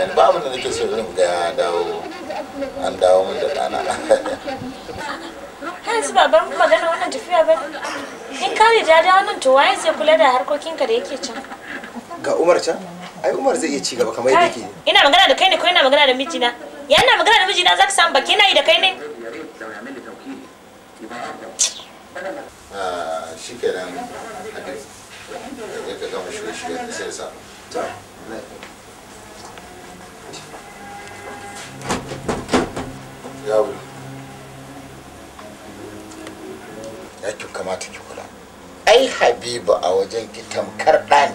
yanzu ba abin da nake so zan ga ya dawo an dawo min da ɗana har yanzu ba bar magana wannan tafiya ba in ka riga da wannan to waye zai kula da harkokinka da yake can ga umar can ai umar zai iya ci gaba kamar yadda yake ina magana da kai ne ko ina magana da mijina ya ina magana da mijina zaka samu baki na yi da kai ne habibu a wajen ki tamkar ɗa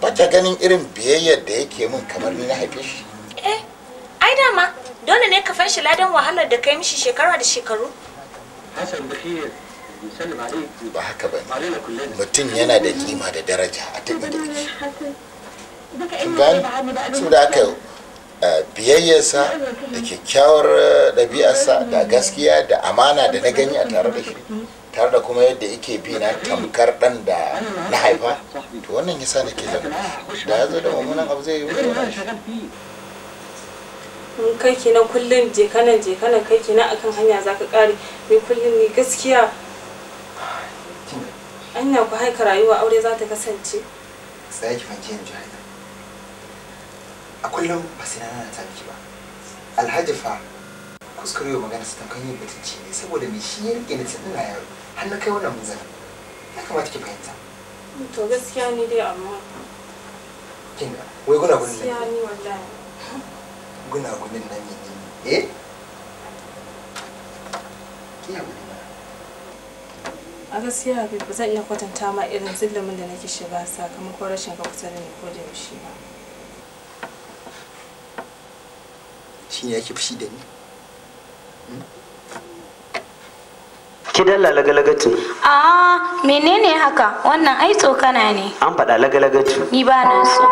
ba ta ganin irin biyayyar da yake min kamar ni na haife shi eh ai dama dole ne ka fashi ladan wahalar da kai mishi shekara da shekaru ba haka ba mutum yana da kima da daraja a tafi da shi su da aka eh, biyayyarsa da kyakkyawar eh, ɗabi'arsa da gaskiya da amana da na gani a tare da shi tare da kuma yadda yake bi na tamkar dan da na haifa to wannan yasa ke zama da ya zo da mummunan abu zai yi mun kai ke nan kullum je kanan je kanan kai ke nan akan hanya za ka kare ni kullum ne gaskiya anya ku haika rayuwa aure za ta kasance sai ki fanke yanzu jahila a kullum ba sai na ta miki ba alhaji fa kuskure magana su tankan yin mutunci ne saboda me shi ya rike ni tun ina yaro har kai wannan manzana ya kamata ki fahimta to gaskiya ni dai amma kinga wai guna gunin nan ni wallahi guna ne eh kiya gunin a gaskiya habib ba zan iya kwatanta ma irin zillimin da nake shiga sakamakon rashin ka kusa da ni ko da yaushe ba ki dalla lagalagatu a menene haka wannan ai tsokana ne an faɗa lagalagatu ni ba na so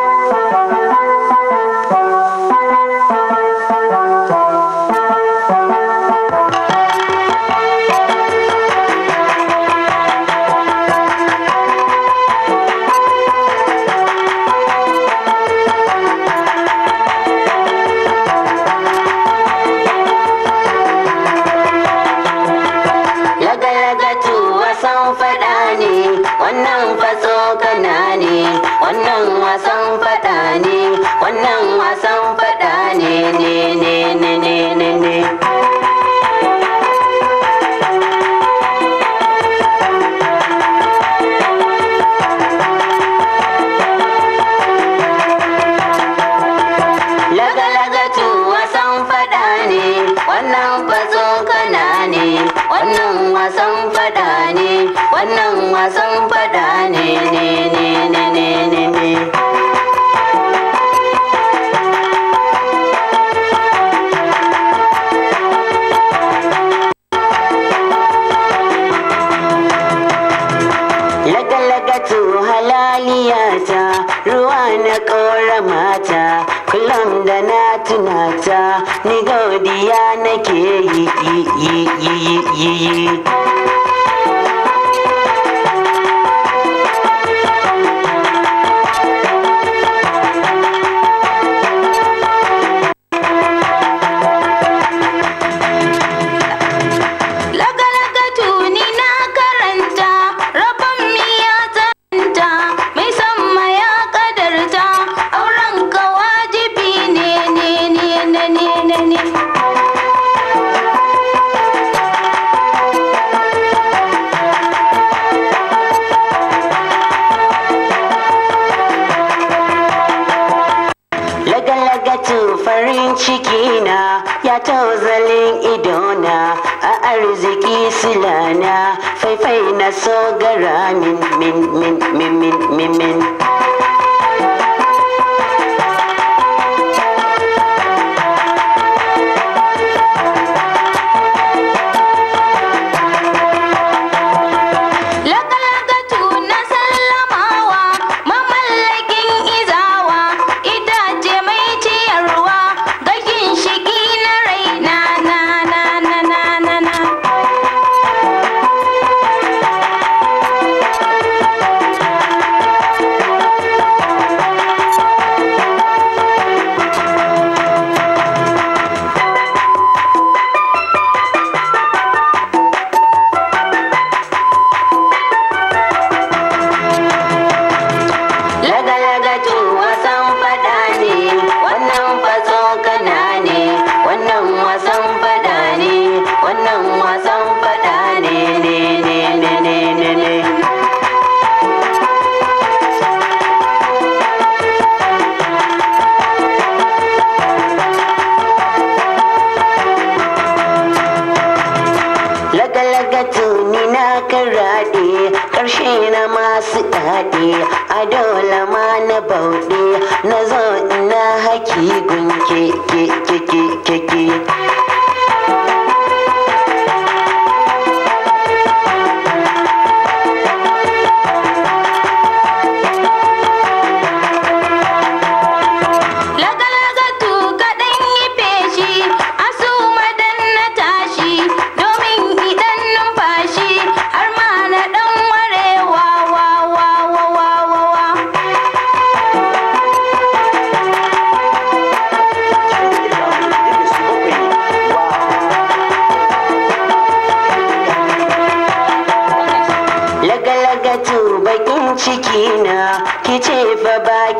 isa ni godiya nake yi yi yi yi yi صاغر عن من من من من من, من, من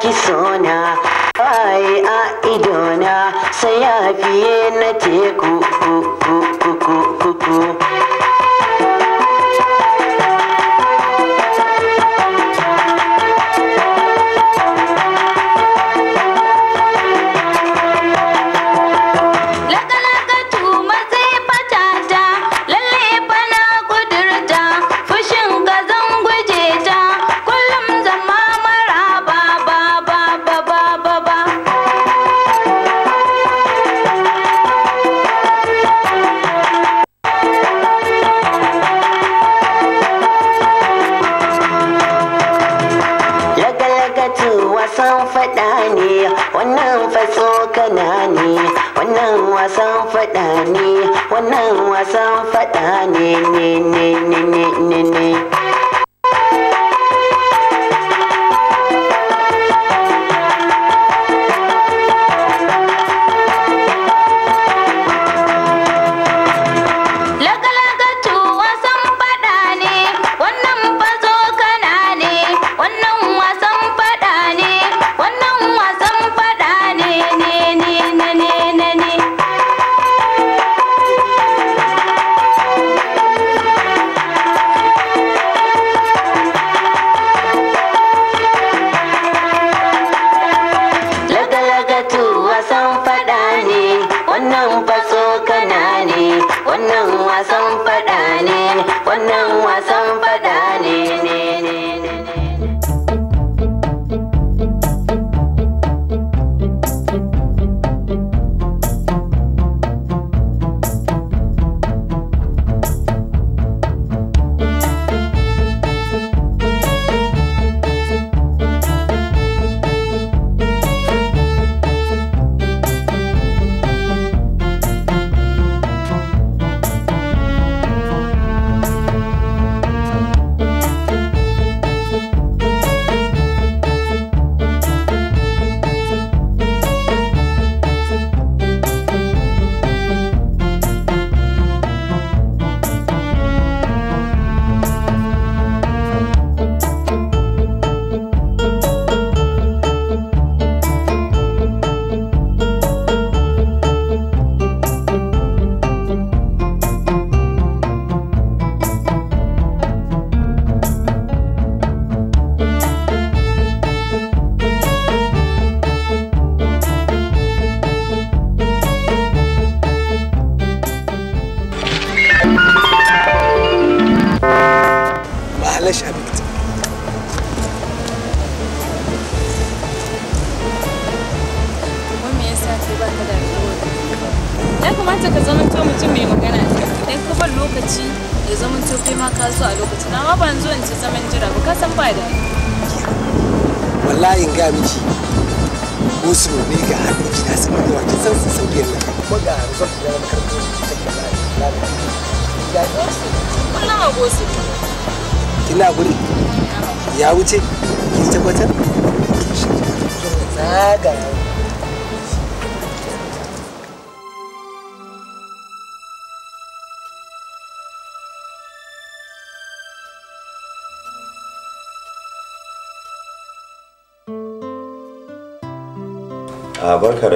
ki sona ai a idona saya fiye na teku ku ku ku ku ku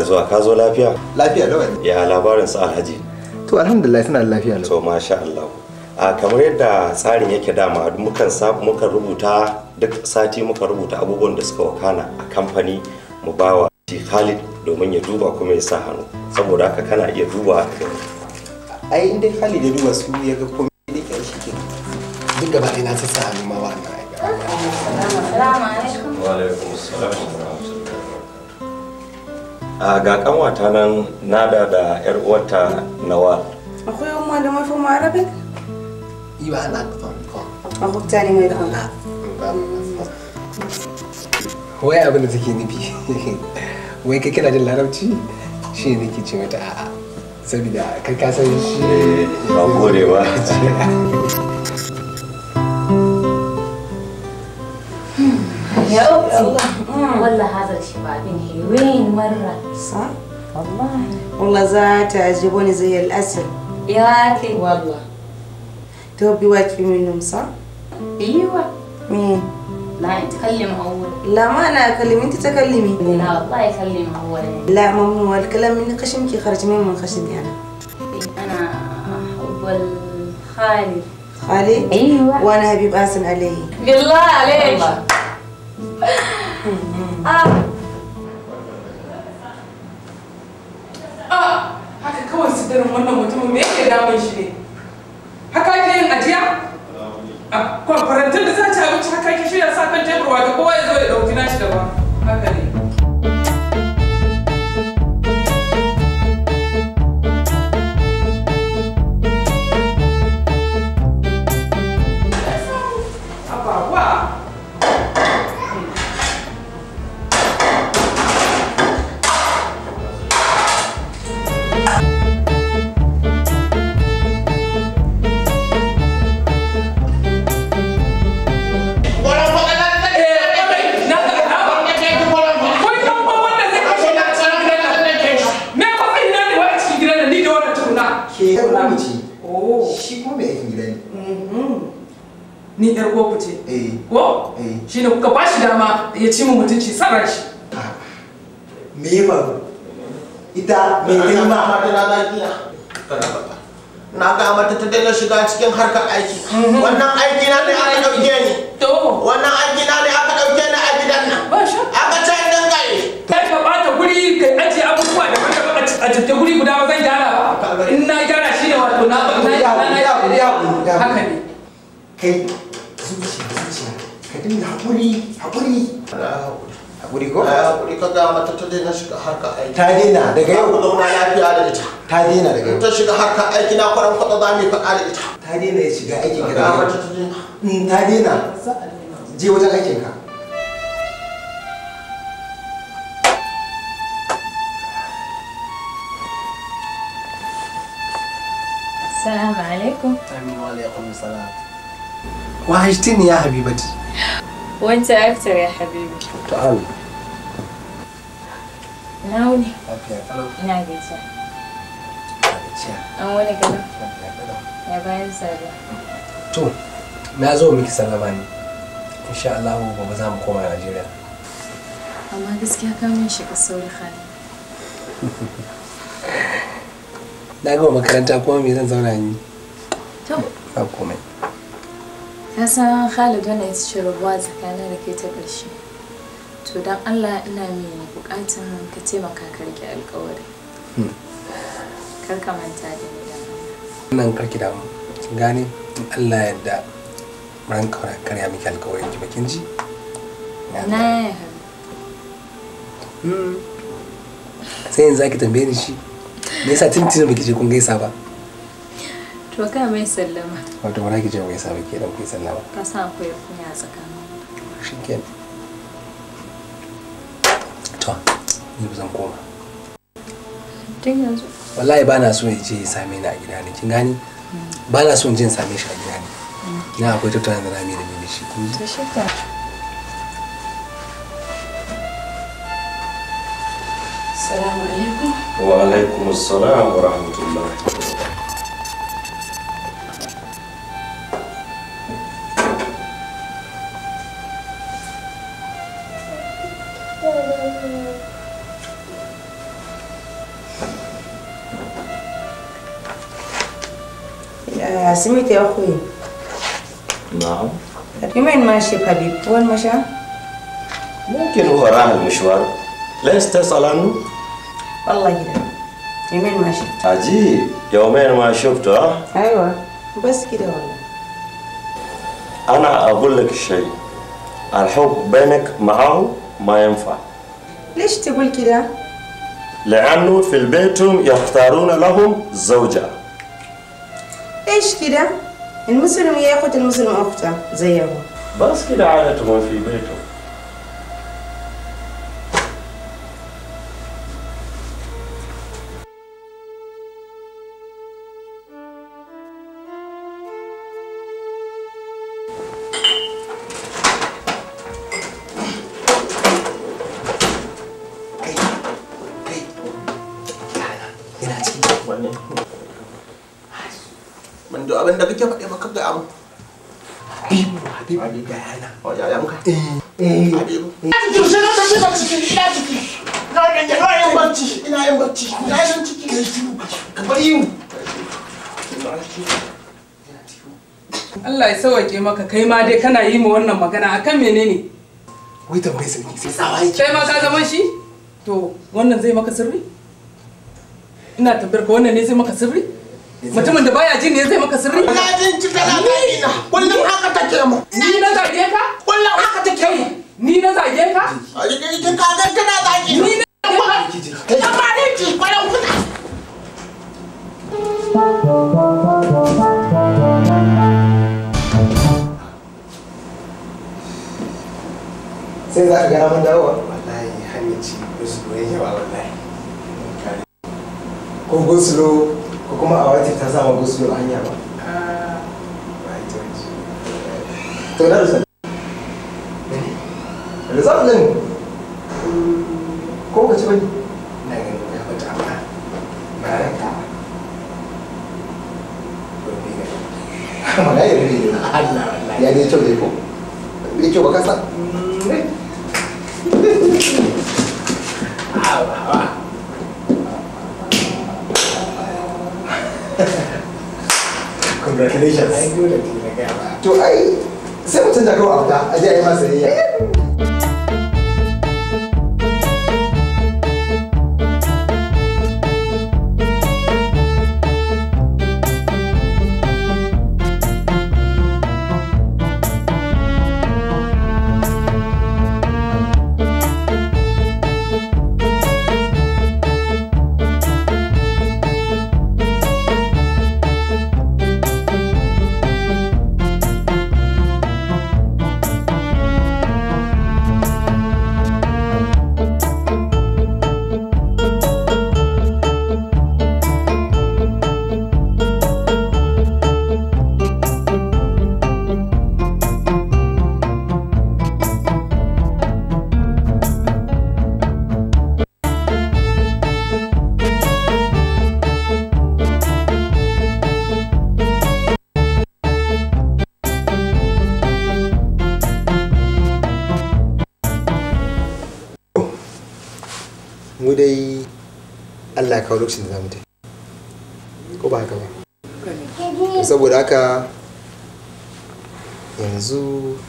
zuwa ka zo lafiya lafiya wani. ya labarin su alhaji to alhamdulillah suna lafiya lawa to masha Allah a kamar yadda tsarin yake dama mukan mukan rubuta duk sati muka rubuta abubuwan da suka wakana a kamfani mu bawa shi Khalid domin ya duba kuma ya sa hannu saboda haka kana iya duba ai inda Khalid ya duba su ya ga komai da ke shi ke duk gaba ɗaya na sa hannu ma wannan wa alaikum assalam ga kanwata nan nada da yar uwarta nawal akwai yan malamai fa yi ba na da a ko ne mai da wai abin da take nufi wai kai kana jin larabci shi ne nake ce mata a'a saboda kai ka san shi ba gode ba يا الله والله هذا الشبابين وين مره صح والله والله ذات يعجبوني زي الاسد اخي والله توبي واحد منهم صح ايوه مين لا انت اول لا ما انا اكلم انت تكلمي لا والله كلم اول لا ممنوع الكلام من خشمك خرج مين من خشمي انا انا اول خالي خالي ايوه وانا حبيب قاسم عليه بالله عليك والله. Ah. ah haka kawai su darin wannan mutumin me yake damun shi ne haka ke yin ajiya a ah, kwamfarantar da za ta abinci haka ke shirya sa kan tebur wata kowa ya zo ya ɗauki nashi daban haka ne yar uwar ku ce eh. ko eh. shine kuka ba shi dama ya ci mu mutunci sarar shi me ya faru ita mai girma ta da lafiya na ga mata ta daina shiga cikin harkar aiki mhm. wannan aiki na ne aka dauke ni to wannan aiki na ne aka dauke ni a gidan nan aka ce in dinga yi kai ka bata guri kai aje abubuwa da wanda a ta guri guda ba zan gyara ba in na gyara shi ne wato na ba na ya ya haka ne kai zuciya zuciya ka dinga haƙuri haƙuri haƙuri ko? haƙuri ka gama ta ta daina shiga harka aiki ta daina daga yau ku zauna lafiya da ita ta daina daga yau ta shiga harka aiki na kwaran kwata za mu yi faɗa da ita ta daina ya shiga aikin ka daga yau mm, ta daina je wajen aikin ka Assalamu alaikum. Wa alaikum salam. وحشتني يا حبيبتي وانت اكتر يا حبيبي تعال ناولي ina wani gada ya bayan sada to na zo miki sallama ne insha Allah za mu koma Najeriya amma gaskiya ka mun shiga sauri hali na gama makaranta kuma me zan zauna ni to na san khalid wannan ita ce rabuwa tsakanin da ke ta ƙarshe to don allah ina mai buƙatan ka taimaka ka rike alƙawari hmm. kar ka manta da ni da wannan karki da gane allah ya yadda ran kawai karya miki alƙawarin ki bakin ji na hmm. sai yanzu ake tambaye ni shi me yasa tun tun baki je kun gaisa ba to ka mai sallama wato ba ake je wai sa ke da kai sallama ka sa akwai kunya tsakanin shinken to ni ba zan koma tun yanzu wallahi ba na so ya je ya same ni a gida ne kin gani ba na so in je in same shi a gida ne mm. na akwai tattaunawa da rami da mimi shi to shi السلام عليكم وعليكم سميت يا أخوي نعم اليومين طيب، ماشي بحبيب وين مشى؟ ممكن هو راح المشوار ليش تسأل عنه؟ والله كده يومين ماشي عجيب يومين ما شفته ها؟ أيوة بس كده والله أنا أقول لك الشيء الحب بينك معه ما ينفع ليش تقول كده؟ لأنه في البيت يختارون لهم زوجة تعيش كده المسلم ياخد المسلم اخته زيه بس كده عادتهم في بيتهم sauke maka kai ma dai kana yi ma wannan magana akan menene wai tambayi sarki sai tsawa yake kai ma ka zama shi to wannan zai maka sirri ina tabbar ka wannan ne zai maka sirri mutumin da baya jin ne zai maka sirri ina jin ci tana ina. kullum haka take mu ni na zage ka kullum haka take mu ni na zage ka a ka ga tana zage ni na zage ka amma ne ci kwaran kuta sai za ka gana mun dawowa wallahi hanyar ci ya yawa wallahi ko gosulo ko kuma a wata ta sama gosulo hanya ba ah. to na rusa din ko ka ci bane na ganin ya fata amma ba ba ya kyau ko kyau ba kasa mm. Congratulations. I do that. To ai sai mutum da kawai a je a yi masa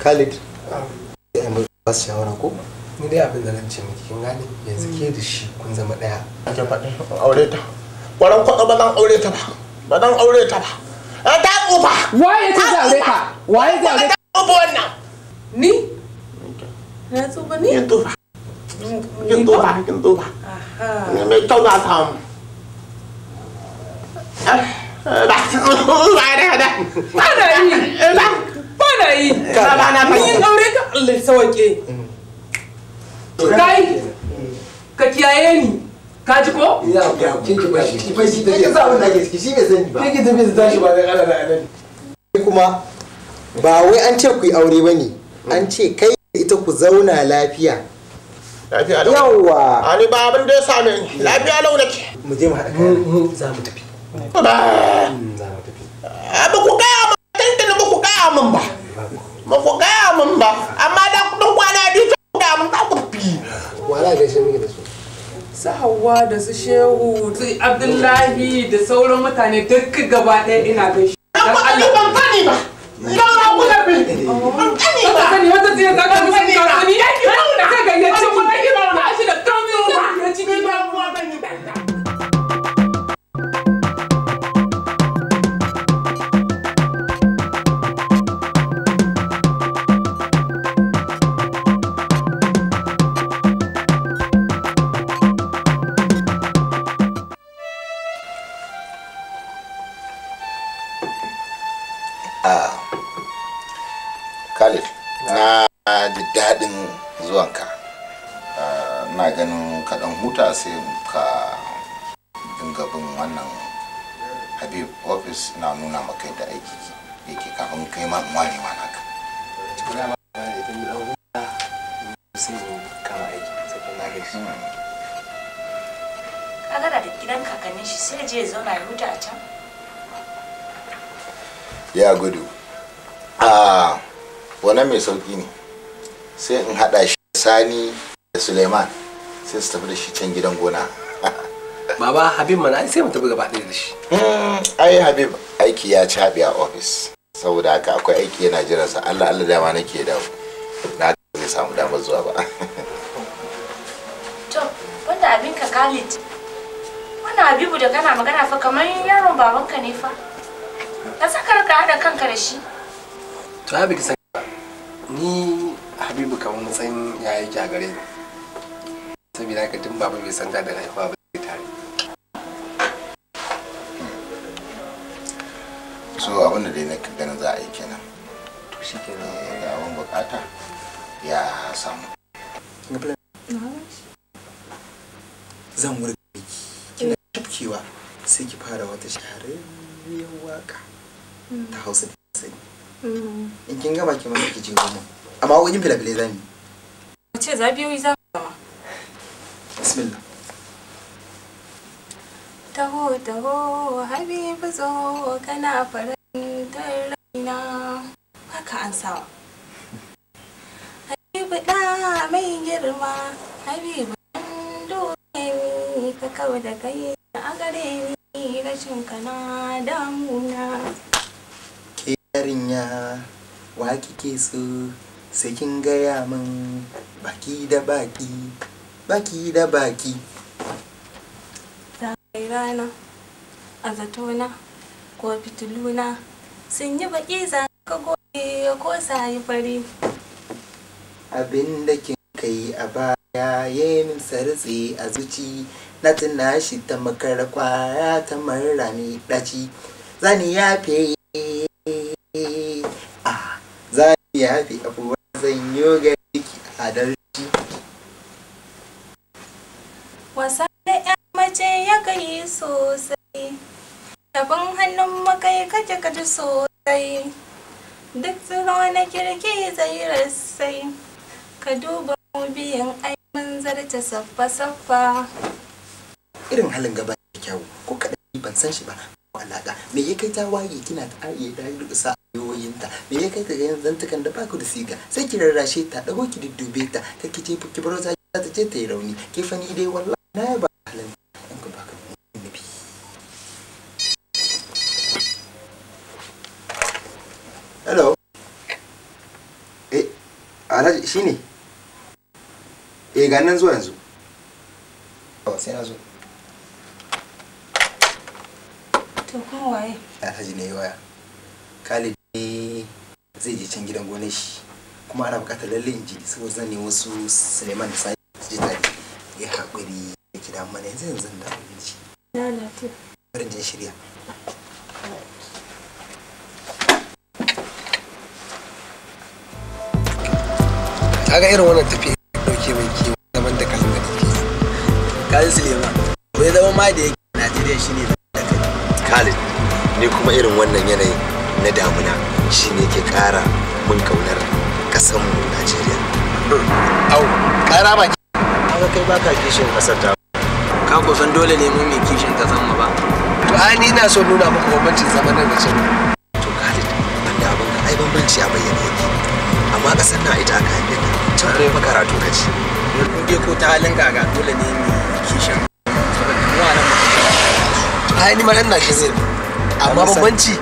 Khalid sai a mai shawara ko ni dai abin da zan ce miki kin gane yanzu ke da shi kun zama daya ake faɗin aure ta ƙwaron kwaɗo ba zan aure ta ba ba zan aure ta ba ta tsufa waye ta zaure ka waye zaure ka tsufa wannan ni na tsufa ni kin tsufa kin tsufa kin tsufa ni mai kyau na samu ba eh, eh, ba da da ba da ba yi ni yin aure ka kai ka kiyaye ni ka ji ko ya ya ki ke shi ne zan ba ba da da kuma ba wai an ce ku yi aure ba ne hmm. an ce kai ita ku zauna lafiya lafiya yawa ani ba abin da ya same lafiya lau nake mu je mu haɗa kaya hmm, hmm. za mu tafi ba za mu tafi ba ku ma ba ku gaya mun ba ba ku gaya min ba amma da kudin kwana biyu ta kuda mun ta kurfi wala gaishe miki da su su hawa da su shehu su abdullahi da sauran mutane duk gaba ɗaya ina gaishe dan Allah ban fani ba dan Allah ku da bin ban sani ba ban sani wata ce ta ga mun sani ba ni yaki ba ta gayyace mu ya gudu a wane mai sauki ne sai in hada shi sani da suleiman sai su tafi da shi can gidan gona baba habib mana sai mu tafi gaba da shi hmm, ai habib aiki ya caɓe a ofis saboda haka akwai aiki yana jiransa allah allah dama nake dawo na zai samu damar zuwa ba to wanda abinka khalid wannan habibu da kana magana fa kamar yaron babanka ne fa ka saka ka hada kanka da shi to ya bi san ni habibu kamar matsayin ya yake a gare ni saboda haka tun baba bai san da rayuwa ba zai tare so abin da dai na ganin za a yi kenan to shi kenan eh, ga abin bukata ya samu zan wurga miki kina tafkewa sai ki fara wata shahararriyar waka ta hausa da sani mm. in kin gama kin masa ki jin goma amma wajen filafilai za mu ce za biyoyi za mu gama bismillah taho taho habibu zo kana farantar raina haka an sawa habibu da mai girma habibu dole ka kawo da kai a gare ni rashin kana damuna yarinya wa kike so sai kin gaya min baki da baki baki da baki zagaye rana a zatona ko fituluna sun yi baki za ka goge ko sayi fari abin da kin kai a baya ya min sartse a zuci na tuna shi ta makar kwaya ta marrami ɗaci zani ya fiye za ki yafi abubuwan zan yi gari ki adalci wasa da mace ya kai sosai tabin hannun makai kaje kaji sosai duk tsiro na kirki zai rasai ka duba mu biyan aimin zarta saffa saffa irin halin gaba da kyau ko kaɗan ban san shi ba ko alaƙa me ya kai ta waye kina ta aye da sa ta me ya kai ta ga ta zantukan da baku da siga sai ki rarrashe ta dago ki diddube ta ka ki je ki baro za ta ce ta yi rauni ke fani dai wallahi na ba halin in ku baka nabi hello eh alhaji shine eh ga nan zuwa yanzu sai na zo to kuma waye alhaji ne waya Khalid zai je can gidan gonar shi kuma ana bukatar lalle in ji saboda zan nemi wasu suleiman da sani su je tare ya haƙuri ya kira mana yanzu yanzu da abin ji bari jin shirya kaga irin wannan tafiya dauke mai kiwo zaman da kalmar da ke kalin suleiman bai zama ma da yake najeriya shine da kai kalin ni kuma irin wannan yanayin na damuna shi ne ke kara mun kaunar kasanmu Najeriya. Au, kara ba ki. Kaga kai baka kishin kasar ta. Ka kusan dole ne mu mai kishin kasan mu ba. To ai ni na so nuna maka bambancin zaman da can. To Khalid, da abin ai bambanci a bayyane yake. Amma kasar na ita aka yi ne. Can rai maka karatu ka ci. ge ko ta halin gaga dole ne mu kishin. Ai ni ma ina zai. Amma bambanci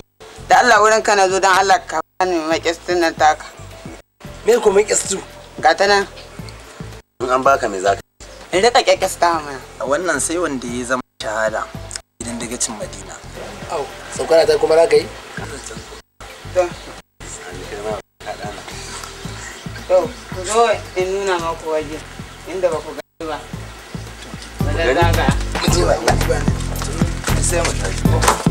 da Allah wurin kana zo don Allah ka bani makistin nan taka me ko makistu ga ta nan in an baka me zaka in rika kyakkyasta mana wannan sai wanda ya zama shahada idan daga cin madina au saukana ta kuma zaka yi to ku zo in nuna maku waje inda ba ku gani ba. Ba ku ji ba. Sai mu tafi.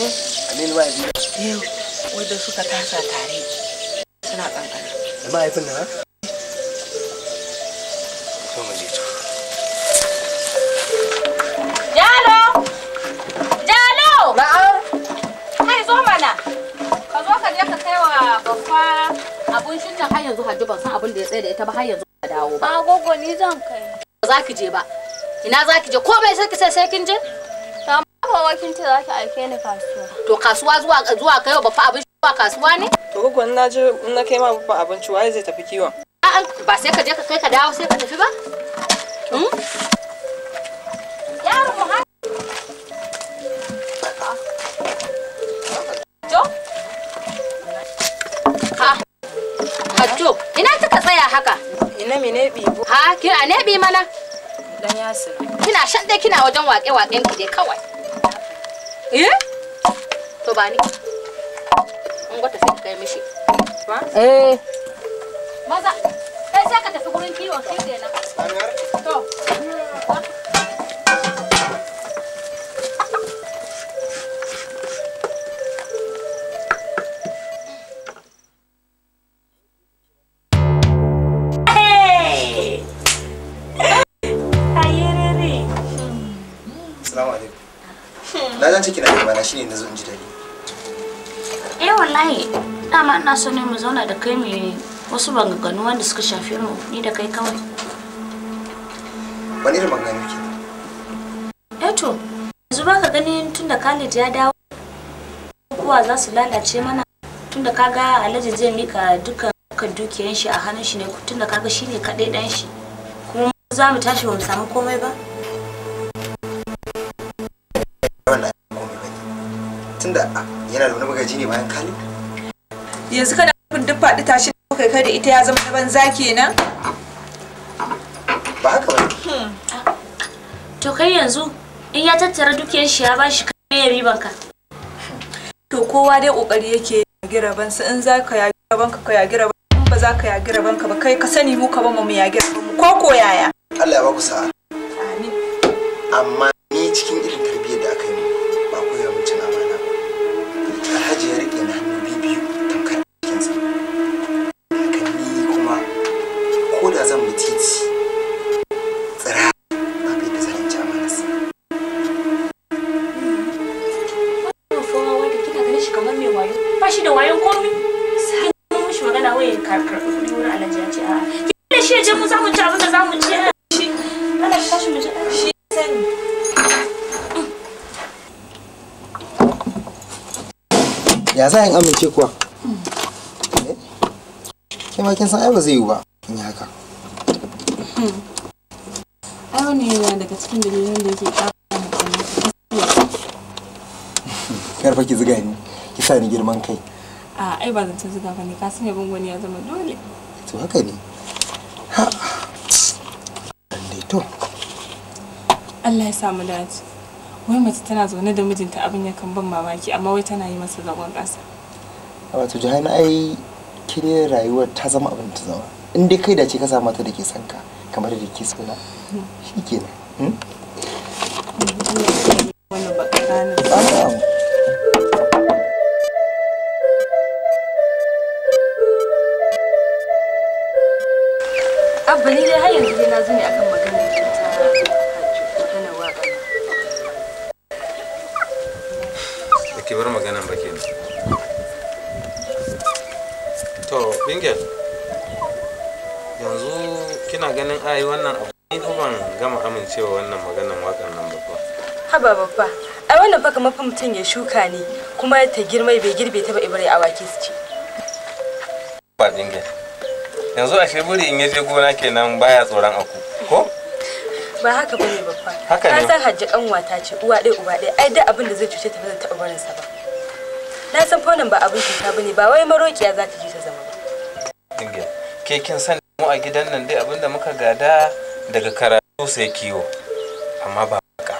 Aminu ya Biyu suka tasa tare suna kankana. Da mahaifin na? Jalo! Jalo! Na'am. Kai zo mana. Ka zo ka je ka kai wa babba abun shutin har yanzu Hajji ban san abin da ya tsaye da ita ba har yanzu ba dawo ba. Agogo ni zan kai. Ba za ki je ba. Ina za ki je sai ki sai kin je? kowa kin ce za ki aike ni kasuwa. To kasuwa zuwa zuwa kai wa bafa abinci zuwa kasuwa ne? To gugu na je in na kai ma bafa abinci waye zai tafi kiwon? A'a ba sai ka je ka kai ka dawo sai ka tafi ba? Hmm? Yaro Ha. ina kika tsaya haka? Ina me ne bibo? Ha, kina ne bi mana? Dan yasir. Kina shan dai kina wajen waƙe-waƙen ki dai kawai. Eh? eh maza kai eh, sai ka tafi gurin kiwon kai kenan to kana so ne mu zauna da kai mai wasu maganganu wanda suka shafe mu ni da kai kawai wani irin maganganu ke eh to yanzu ba ka gani tun da Khalid ya dawo kuwa za su lalace mana tun da kaga Alhaji zai mika duka dukkan dukiyan shi a hannun shi ne tun da kaga shine kadai dan shi kuma za mu tashi ba mu samu komai ba tunda ah, yana da wani magaji ne bayan Khalid yanzu kana kun duk faɗi tashi da kai kai da ita ya zama ban banza kenan ba haka ba hmm. to kai yanzu in ya tattara dukiyar shi ya bashi kai ya riba ka to kowa dai kokari yake ban rabansa in za ka gira ban ka yagi rabanka in ba za ka ban ka ba kai ka sani mu ka ba mu ya gira ko ko yaya Allah ya ba ku sa'a amin amma ni cikin irin tarbiyya amince kuwa ke ma kin san ai ba zai yi ba in yi haka ai wani yana daga cikin dalilan da yake kar karfa ki ziga ni ki sa ni girman kai a ai ba ta ziga ba ne ka sanya bangon ya zama dole to haka ne ha to Allah ya samu dace wai mace tana zaune da mijinta abin ya kan ban mamaki amma wai tana yi masa zagon ƙasa wato jihana ai kire rayuwar ta zama abin ta zama in dai kai da ce ka samu mata da ke sanka kamar da ke suna shi kenan hmm? haba babba ai wannan fa kamar fa mutum ya shuka ne kuma ta girma bai girbe ta ba ibarai a wake su ce ba dinga yanzu a sheburi in yaje gona kenan baya tsoron aku ko ba haka bane babba ka san hajji ta ce uwa ɗaya uba ɗaya ai duk abin da zai cuce ta ba ta taɓa barin sa ba na san fonan ba abin cuta bane ba wai maroƙiya za ta je ta zama ba dinga ke kin san mu a gidan nan dai abinda muka gada daga karatu sai kiwo amma ba ka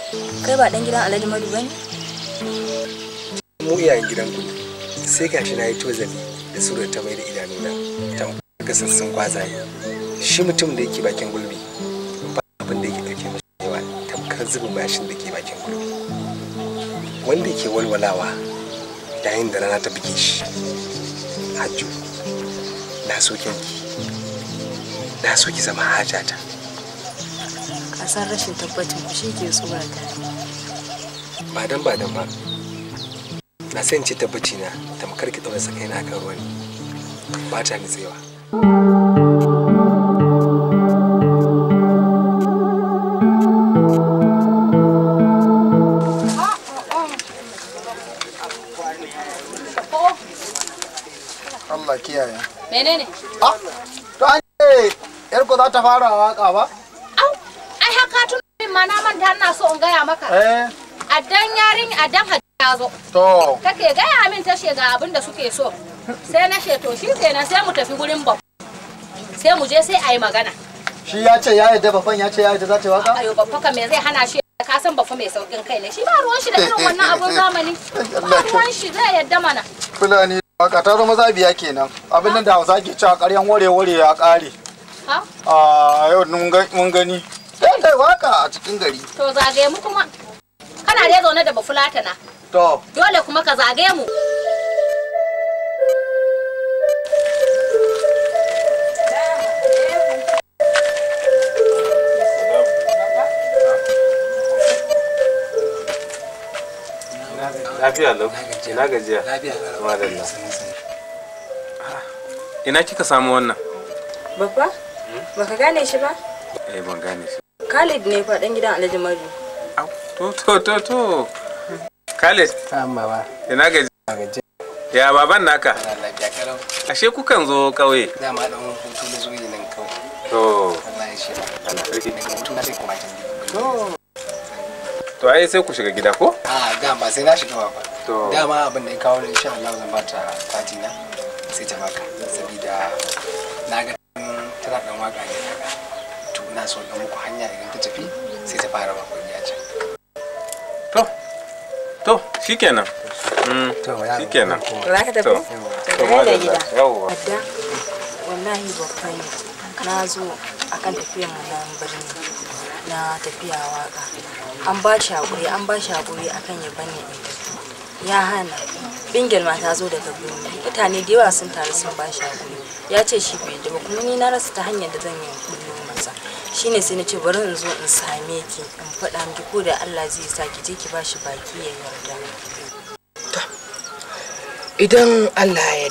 Kai ba dan gidan Alhaji Madu bane? Mu iyayen gidan ku sai gashi na yi tozali da surar ta mai da ta ga sassan kwazaye. Shi mutum da yake bakin gulbi ba abin da yake dauke mashi yawa tamkar zubin bashin da ke bakin gulbi. Wanda yake walwalawa yayin da rana ta buge shi. Hajju, na so kyanki, na so ki zama hajata. a san rashin tabbacin ku shi ke tsorata ba dan ba dan ba na san ci tabbaci na tamkar ki daura sakai na kan ruwan ba ta nitsewa To. Take gaya min ta shiga abin da suke so. Sai na sheto shi kenan sai mu tafi gurin bab. Sai mu je sai a yi magana. Shi ya ce ya yadda babban ya ce ya yadda za ta yi waka? Ayo babba ka me zai hana shi ka san babba mai saukin kai ne shi ba ruwan shi da irin wannan abun zamani. Ba ruwan shi zai yadda mana. Fulani waka ta zama zabiya kenan. Abin nan da Hausa ke cewa ƙaryan ware-ware ya ƙare. Ha? A yau mun gani. Sai dai, waka a cikin gari. To zagaye mu kuma. kana dai zaune da bafulatana to dole kuma ka zage mu Lafiya ina Lafiya Ina kika samu wannan? Babba? Hmm? Baka gane shi ba? Eh ban gane shi. Khalid ne fa dan gidan Alhaji Mariyu. to to to kalis amma ina gaji ya baban naka ashe kukan zo kauye dama dan hutu na zuwa nan kawai to to ai sai ku shiga gida ko a ga ba sai na shiga ba to dama abin da ya kawo insha Allah zan bata fati na sai ta baka saboda na ga tana dan waka ne to na so dan muku hanya idan ta tafi sai ta fara ba to to shikenan mm, shikenan za ka tafi to ga da gida adda wallahi babban na zo akan mu nan birni na tafiya waka an ba shi hakuri an ba shi hakuri akan ya bani ya hana bingel ma ta zo daga birni mutane da yawa sun taru sun ba shi hakuri ya ce shi bai da kuma ni na rasa ta hanyar da zan yi shine sai na ce bari in zo in same ki in faɗa miki ko da Allah zai sa ki je ki bashi baki ya yarda idan Allah ya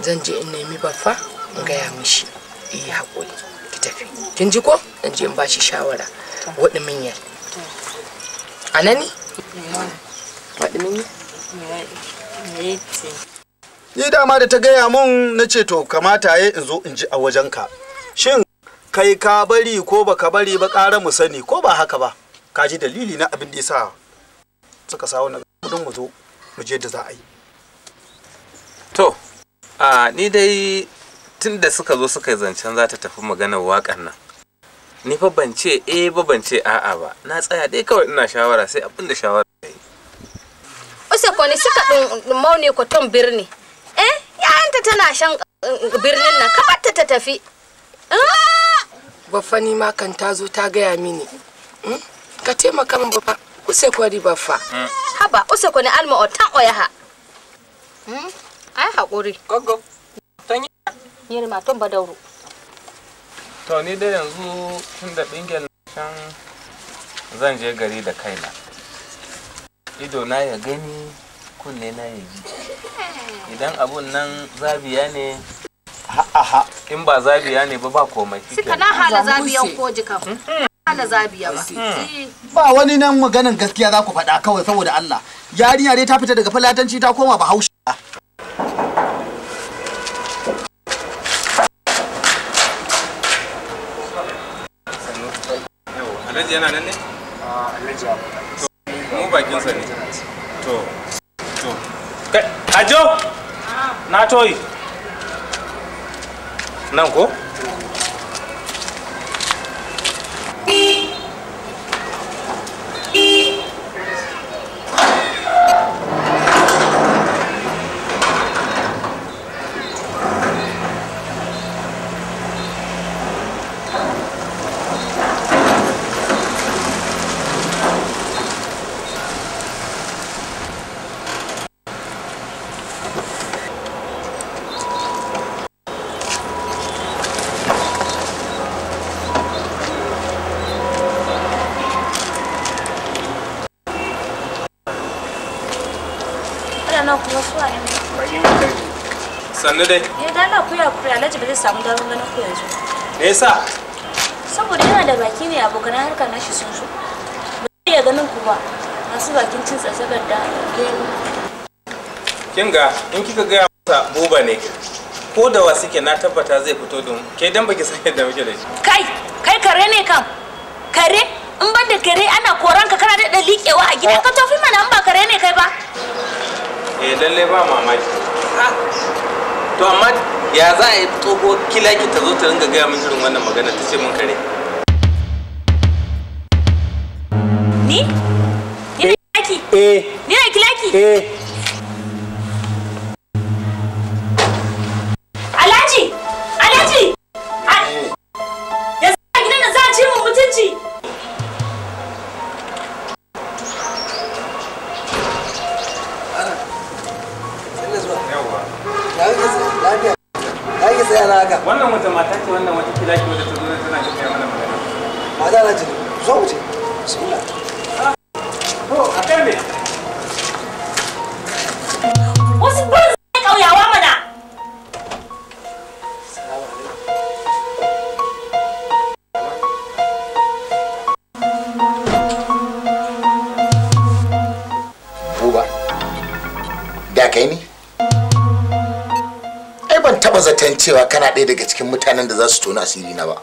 zan je in nemi baffa in gaya mishi yi haƙuri ki tafi kin ji ko in je in bashi shawara waɗi minyar anani waɗi minyar ni dama da ta gaya mun na ce to kamata ya in zo in ji a wajenka shin kai ka bari ko baka bari ba ƙara mu sani ko ba haka ba ka ji dalili na abin da ya sa suka sa wannan kudin mu zo mu je da za a yi to a ni dai tun da suka zo suka zancen za ta tafi maganar wakan nan ni fa ban ce eh ba ban ce a'a ba na tsaya dai kawai ina shawara sai abin da shawara ta yi usa ko ne suka dumau ne kwaton birni eh yayanta tana shan eh, birnin nan kabarta ta tafi eh? baffa ni ma kan ta zo ta gaya mini hmm? ka taimaka min baffa use ko baffa. fa hmm. haba use ko ni alma o ta o yaha hmm? ai hakuri gogo ton yi yiri ma ton badauro to ni da yanzu tun da bingel can zan je gari da kaina ido na ya gani kunne na ya ji idan abun nan zabiya ne aha in ba zabiya ne ba ba komai suka na hala zabiyan ko jika hmm? hala zabiya ba hmm. ba wani nan maganin gaskiya za ku faɗa kawai saboda Allah yarinya dai ta fita daga falatanci ta koma bahaushe Alhaji yana nan ne? Ah, Alhaji Mu bakinsa ne. To, to. Kai, Ajo! Na toyi. nan ko sannu dai ya da Allah kuya kuya alhaji ba zai samu damar ganin ku yanzu me yasa saboda yana da baki ne abokan harkar nashi sun so ba zai iya ganin ku ba masu bakin cin tsatsagar da kin ga in kika gaya masa boba ne ko da wa suke na tabbata zai fito don ke dan baki san yadda muke da shi kai kai kare ne kam kare in banda da kare ana koran ka kana da liƙewa a gida ka tofi mana in ba kare ne kai ba eh lalle ba mamaki to amma ya za a yi tsoho kilaki ta zo ta ringa gaya min irin wannan magana ta ce mun kare ni ni eh. na kilaki eh ni na kilaki eh su tona asiri na ba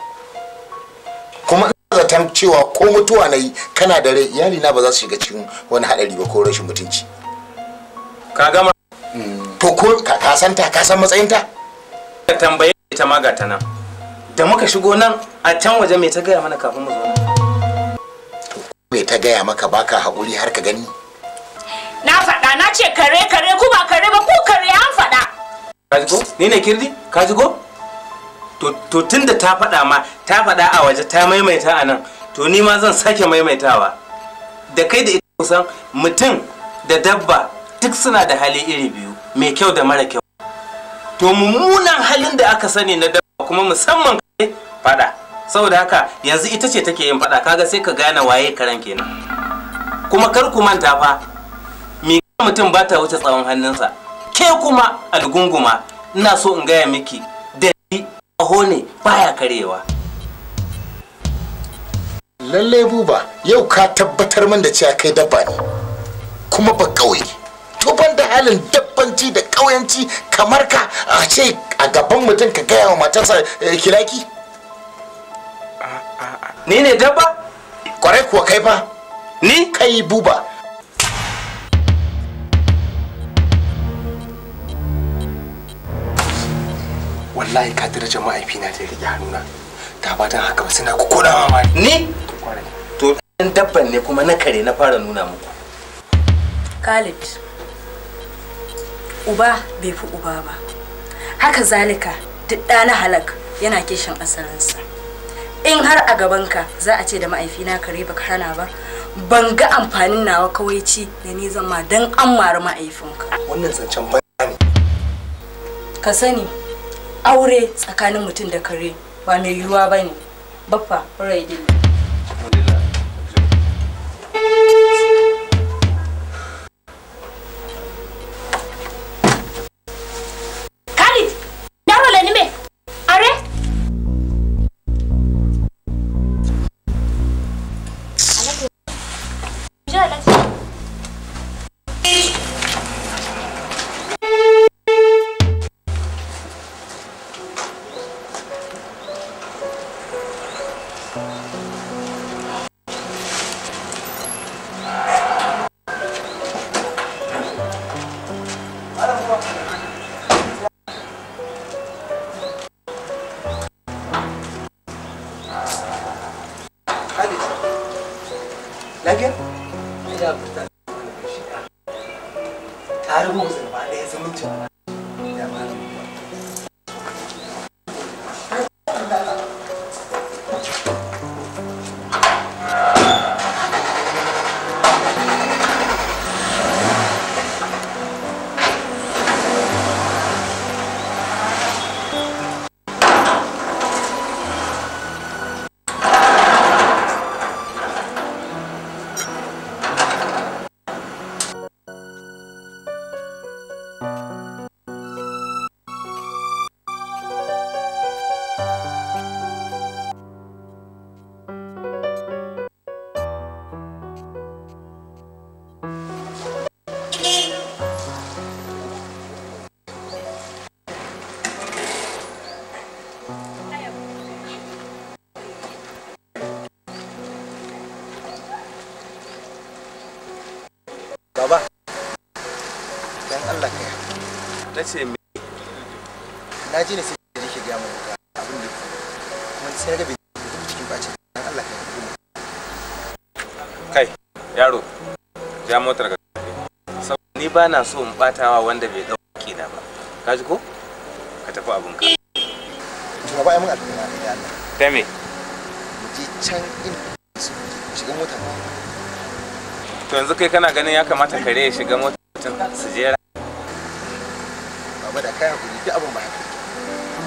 kuma ina zaton cewa ko mutuwa na yi kana da rai iyali na ba za su shiga cikin wani haɗari ba ko rashin mutunci ka gama to ko ka san ta ka san matsayin ta ka tambaye ta ma gata nan da muka shigo nan a can waje me ta gaya mana kafin mu zo nan to me ta gaya maka baka haƙuri har ka gani na faɗa na ce kare kare ku ba kare ba ku kare an faɗa ka ji ko ni ne kirdi ka ji ko to tun da ta faɗa ma ta faɗa a waje ta maimaita a nan to ni ma zan sake maimaitawa da kai da ita kusan mutum da dabba duk suna da hali iri biyu mai kyau da mara kyau to mummunan halin da aka sani na dabba kuma musamman kai faɗa saboda haka yanzu ita ce take yin faɗa kaga sai ka gane waye karan kenan kuma kar ku manta fa mi mutum ba ta wuce tsawon hannunsa ke kuma algunguma ina so in gaya miki da aho ne baya karewa lallai buba yau ka tabbatar min da cewa kai dabba ne kuma ba kauye to ban da halin dabbanci da kauyanci kamar ka a ce a gaban mutum ka gaya wa matarsa eh, kilaki ni ne dabba kwarai kuwa kai fa ni kai buba wallahi ka daraja ma'aifina da rike hannuna ta ba haka ba suna ku koda ni to dan dabban ne kuma na kare na fara nuna muku khalid uba bai fi uba ba haka zalika duk ɗa na halak yana kishin asalinsa in har a gabanka za a ce da ma'aifina kare baka hana ba ban ga amfanin nawa kawai ci da ni zama don an mari ma'aifinka wannan zancen ba ne ka sani aure tsakanin mutum da kare ba mai yiwuwa ba ne baffa rai dai ba na so in batawa wanda bai dauke na ba ka ji ko ka tafi abun ka to ba ai mun alƙawari ya Allah dai me mu je can in shiga mota ba to yanzu kai kana ganin ya kamata kare ya shiga mota tun su jera baba da kai ku duk abin ba haka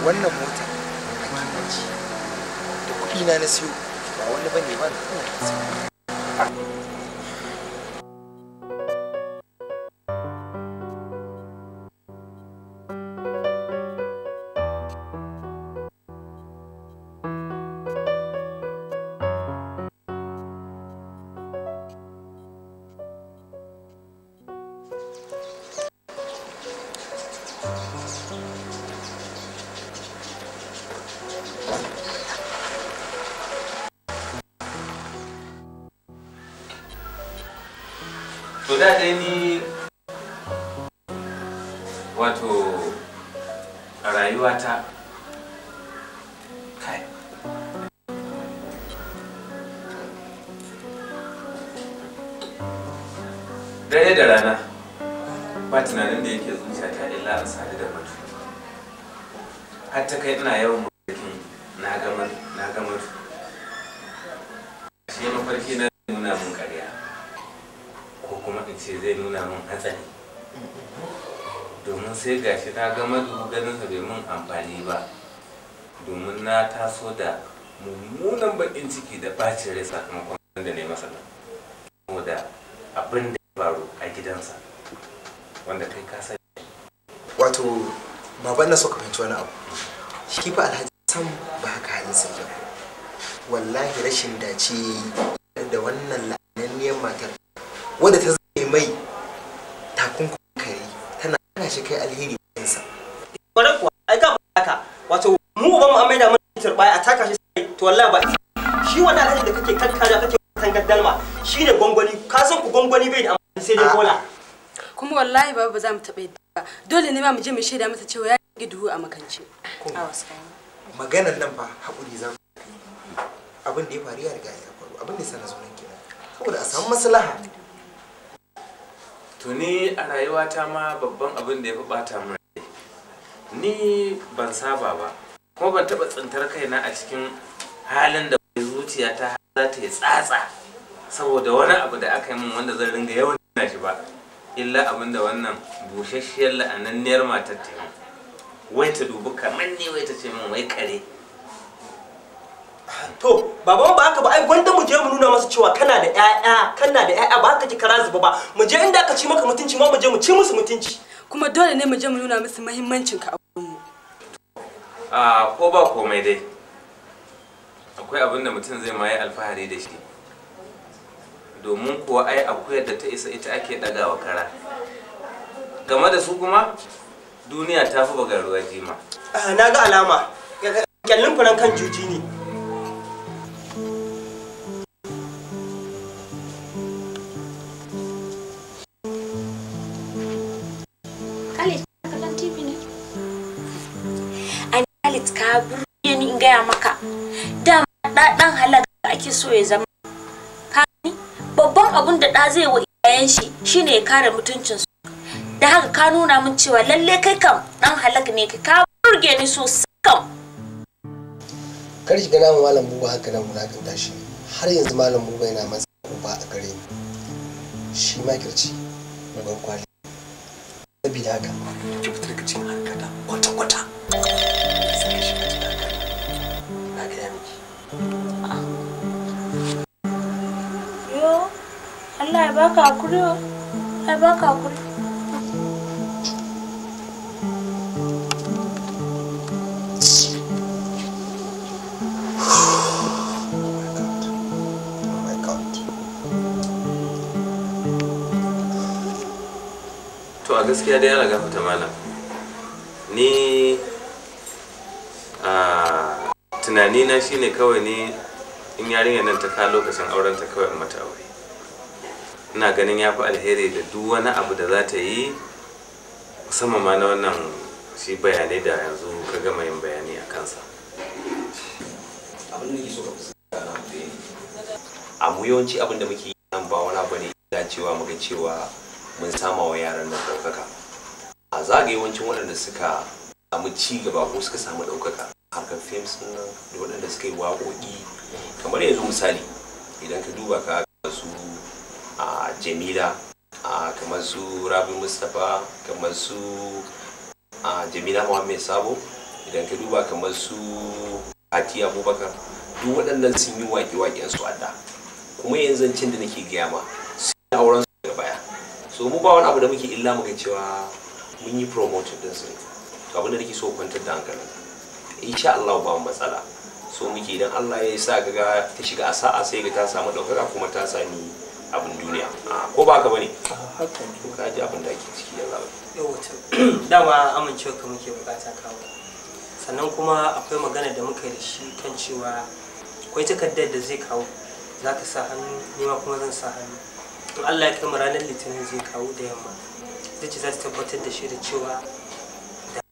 wannan mota a kimanci da kuɗi na na siyo ba wani bane ba na shi na ga madu sa bai mun amfani ba domin na taso da mummunan bakin ciki da bacin rai sakamakon da ne masa nan saboda abin da ya faru a gidansa wanda kai ka sani wato baban na so ka fahimci wani abu shi fa alhaji sam ba haka halin sa ke wallahi rashin dace da wannan lananniyar matar Wanda ta zai mai takunkun kare tana hana shi kai alheri shi ne gwangwani ka san ku gwangwani bai da amfani sai dai bola kuma wallahi baba ba za mu taɓa yadda ba dole ne ma mu je mu shaida masa cewa ya yi duhu a makance maganar nan ba haƙuri za mu abin da ya faru ya riga ya faru abin da ya sa sana zunan kenan saboda a samu maslaha to ni a rayuwata ma babban abin da ya fi bata min ni ban saba ba kuma ban taɓa tsintar kaina a cikin halin da zuciya ta za ta yi tsatsa saboda wani abu da aka yi min wanda zan ringa yawan na shi ba illa abin da wannan bushasshiyar la'ananniyar matar ta wai ta dubi kamar ne wai ta ce min wai kare to baban ba haka ba ai gwanda mu je mu nuna masa cewa kana da ƴaƴa kana da ƴaƴa ba haka ki kara zuba ba mu je inda aka ci maka mutunci ma mu je mu ci musu mutunci kuma dole ne mu je mu nuna musu muhimmancin ka a mu a ko ba komai dai akwai abin da mutum zai ma yi alfahari da shi domin kuwa ai akuyar da ta isa ita ake ɗagawa kara game da su kuma duniya ta fi bagaruwa jima ah, na ga alama kyallin furen kan juji ne Khalid ka burge ni in gaya maka dama ɗan halaka ake so ya zama babban abun da ɗa zai wa iyayen shi shine ya kare mutuncinsu da haka ka nuna min cewa lalle kai kam dan halak ne ka burge ni sosai kam kar shiga nama malam buba haka nan wulakanta shi har yanzu malam buba yana masa uba a gare ni shi kirci babban kwali saboda haka ki fitar ka cikin harkata kwata-kwata sai ka shiga cikin harkata na gaya miki ba ka ai ba ka a gaskiya dai ana gafa ta malam ni a tunanina shine kawai ne in yarinyar nan ta ka lokacin auren ta kawai mata aure ina ganin ya fi alheri da duk wani abu da za ta yi musamman ma na wannan shi bayanai da yanzu ka gama yin bayani a kansa abin da so ka na a mu abin da muke yi nan ba wani abu ne da cewa muka cewa mun sama wa yaran nan ɗaukaka a zaga yawancin waɗanda suka samu ci gaba ko suka samu ɗaukaka harkar fim sun da waɗanda suka yi waƙoƙi kamar yanzu misali idan ka duba ka su a jamila a kamar su rabi mustapha kamar su a jamila muhammed sabo idan ka duba kamar su ati abubakar duk waɗannan sun yi waƙe waƙe su adda kuma yanzu cin da nake gaya ma sun yi auren su daga baya so mu ba wani abu da muke illa muka cewa mun yi promotion din su to abin da nake so kwantar da hankalin insha Allah ba matsala so muke idan Allah ya sa ga ta shiga a sa'a sai ga ta samu ɗaukaka kuma ta sami abin duniya ah, ko ba ka bane to ka ji abin da ake ciki da zaɓa dama amincewa ka muke bukata kawo sannan kuma akwai magana da muka yi da shi kan cewa akwai takardar da zai kawo za ka sa hannu ma kuma zan sa hannu in allah ya kai ranar litinin zai kawo da yamma zai ce za ta tabbatar da shi da cewa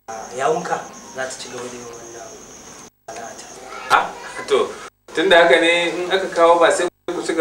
da yawunka za ta ci gaba da yin wannan sana'ata ah, to tun da haka ne in aka kawo ba sai ku ci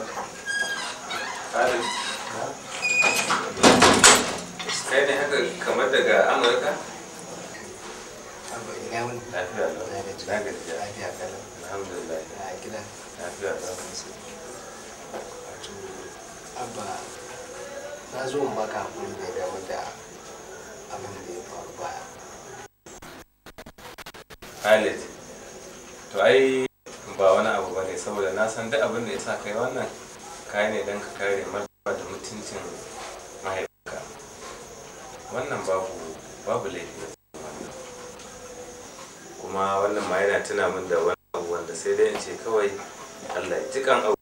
kai ne haka kamar daga amurka ina wani lafiya lau na gaji lafiya alhamdulillah gida lafiya wato abba na zo in baka hakuri da abin da ya faru baya to ai ba wani abu ba ne saboda na san duk abin da ya sa kai wannan kai ne don ka kare marfa da mutuncin mahaifinka wannan babu babu wannan, kuma wannan ma yana tuna min da wani abu wanda sai dai in ce kawai allah ya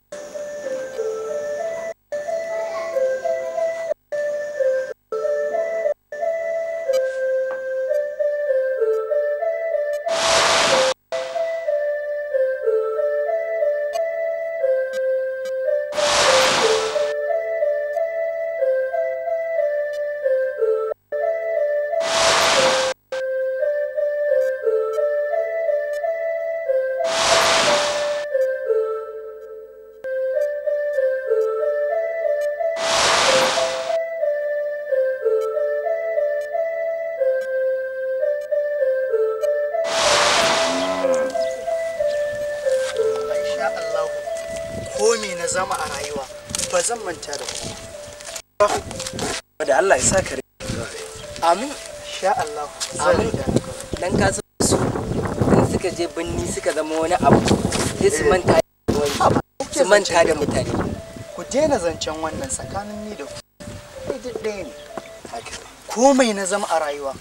da mutane ku daina zancen wannan tsakanin ni da ku duk ɗaya ne komai na zama a rayuwa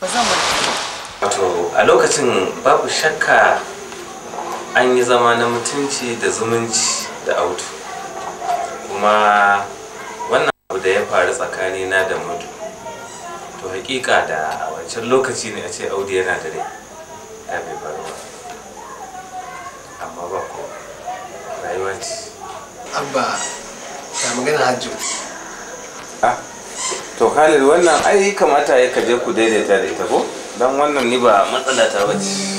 ba zan manta to a lokacin babu shakka an yi zama na mutunci da zumunci da autu kuma wannan abu da ya faru tsakanina da mutu. to hakika da a wancan lokaci ne a ce audu yana da rai ya bai faru abba ya magana hajjo ah to halil wannan ai kamata ya kaje ku daidaita da ita ko don wannan ni ba matsala ta bace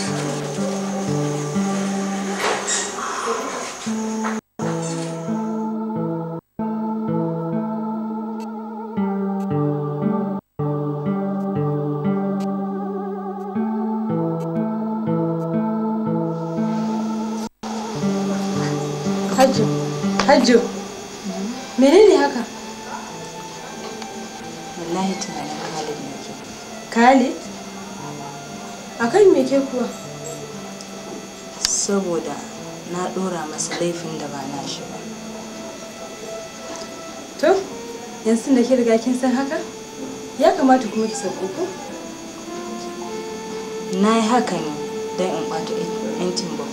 you. hajjo menene haka wallahi tunanin khalid ne ke khalid kan me ke kuwa saboda na dora masa laifin da ba na shi ba to yanzu da ke riga kin san haka ya kamata kuma ki sauko ko na yi haka ne don in ɓato 'yancin babba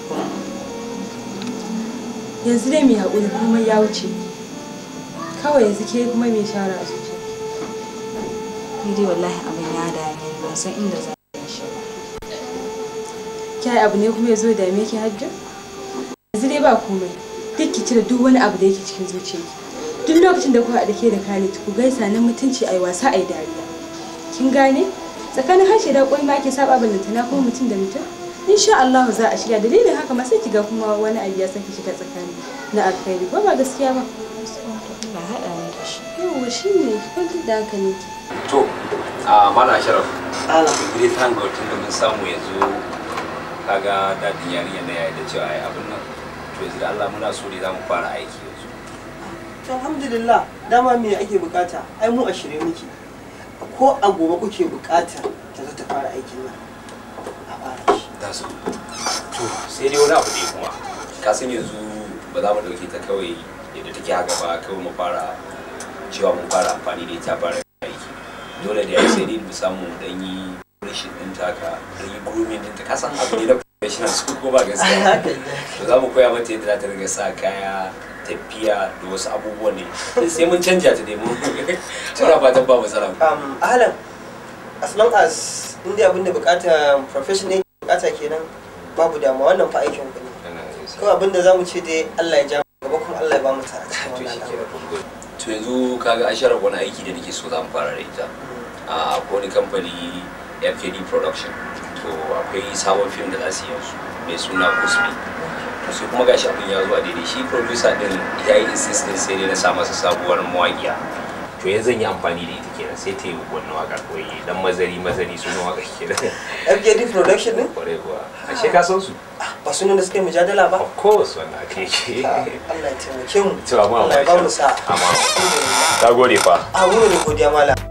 yanzu dai mai haƙuri kuma ya wuce kawai yanzu ke kuma mai shara a zuciya ni dai wallahi abin ya dame ni ban san inda za a shi ba kai abu ne kuma ya zo dame ki hajja yanzu dai ba komai duk ki cire duk wani abu da yake cikin zuciyarki duk lokacin da ku haɗa ke da Khalid ku gaisa na mutunci ai wasa ai dariya kin gane tsakanin harshe da ƙwai ma ake saba ballantana kuma mutum da mutum insha Allah za a shirya dalilin haka ma sai ki ga kuma wani abu ya san ki shiga tsakani na alkhairi ko ba gaskiya ba ba haɗa ni da shi yawa shi ne kwanci da haka ne to a mana sharaf ala gidi thank god tun da mun samu yanzu kaga dadin yarinya na yayi da cewa ai abin nan to yanzu Allah muna so ne zamu fara aiki yanzu to alhamdulillah dama me ake bukata ai mu a shirye muke ko a gobe kuke bukata ta zo ta fara aikin nan su to sai dai wani abu dai kuma ka san yanzu ba za mu dauke ta kawai yadda take haka ba kawai mu fara cewa mun fara amfani da ita fara aiki dole da sai dai mu samu dan yi rashin din ta ka dan yi grooming din ta ka san abu ne na professional school ko ba gaskiya to za mu koya mata yadda za ta riga sa kaya tafiya da wasu abubuwan ne sai mun canja ta dai ba ta ba matsala um, as long as inda abin da bukata professional bukata kenan babu dama wannan fa aikin ku ne ko abin da zamu ce dai Allah ya ja gaba kuma Allah ya ba mu tsara to to yanzu kaga an share wani aiki da nake so zamu fara da ita hmm. a ah, wani kamfani FKD production to akwai sabon film da za su yi su mai suna Kusmi to sai kuma gashi abin ya zuwa daidai shi producer din ya yi insistin sai dai na sa masa sabuwar mawaƙiya to ya zan yi amfani da ita kenan sai ta yi wannan waka koyi dan mazari mazari sunan waka kenan FJD production ne kware kuwa a ah. she ka san su ah, ba sunan da suke mujadala ba of course wannan ake ke ah, Allah ya taimake mu to amma Allah ya ba mu sa amma ta gode fa a gode godiya mallam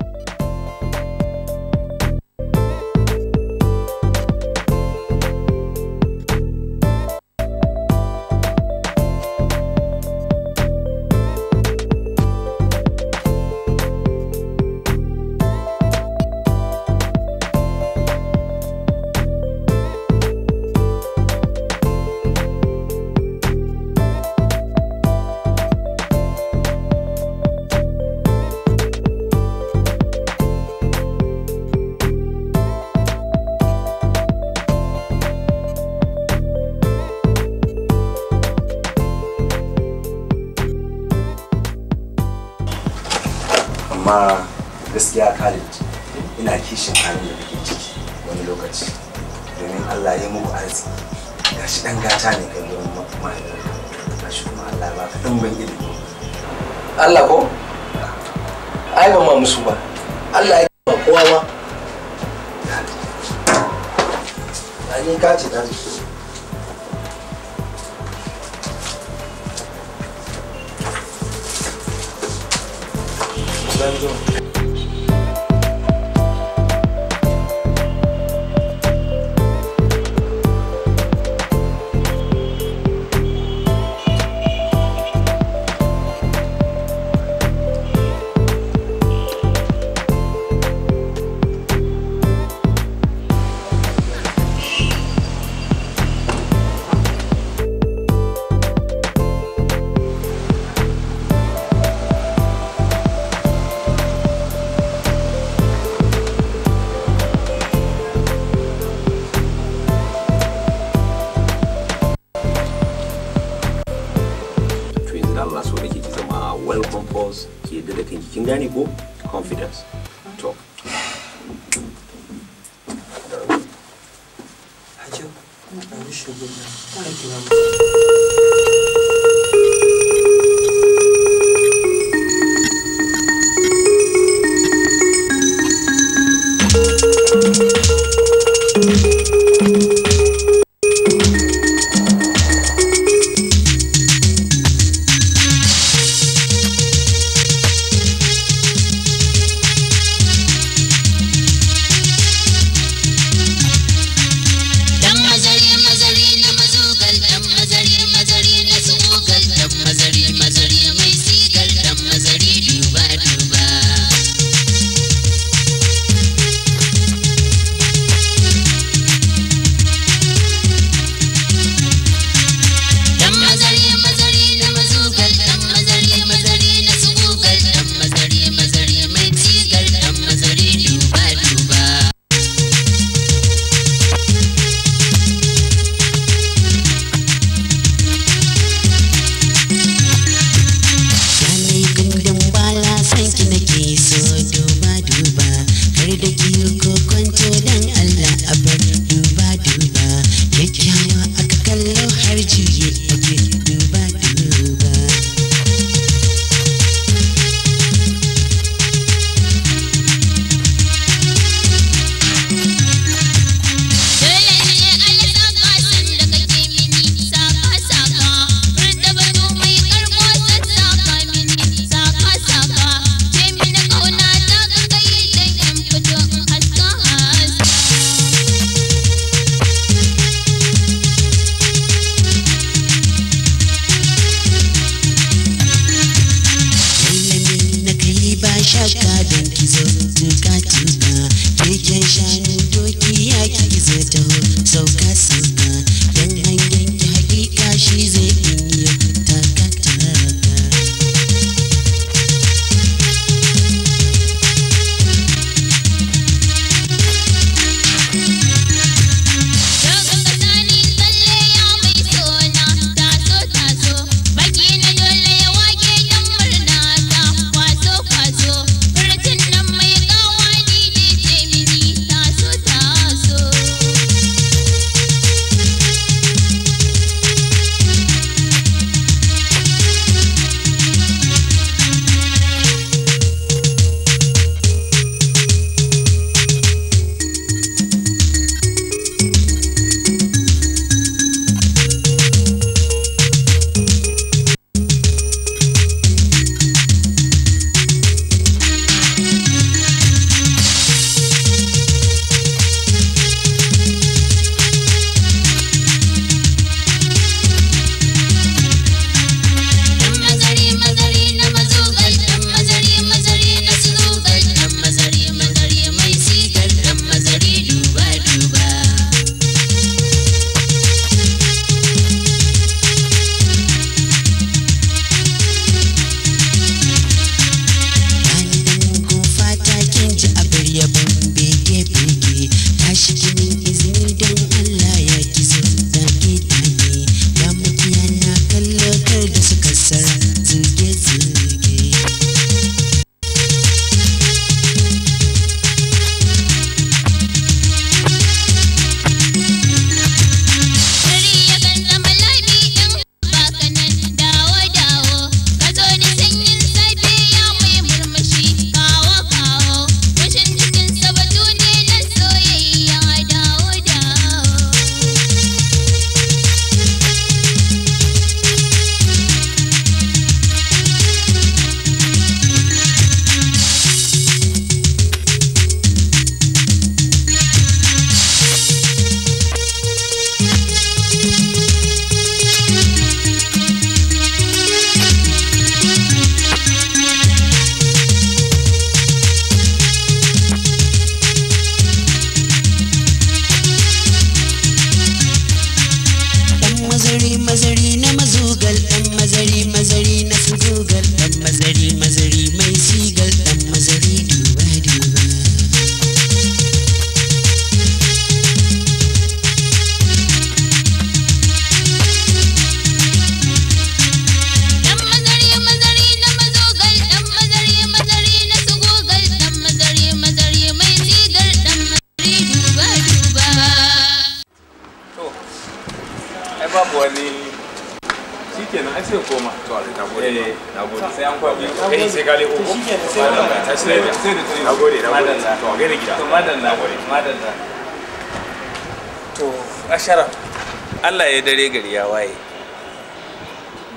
dare gari ya waye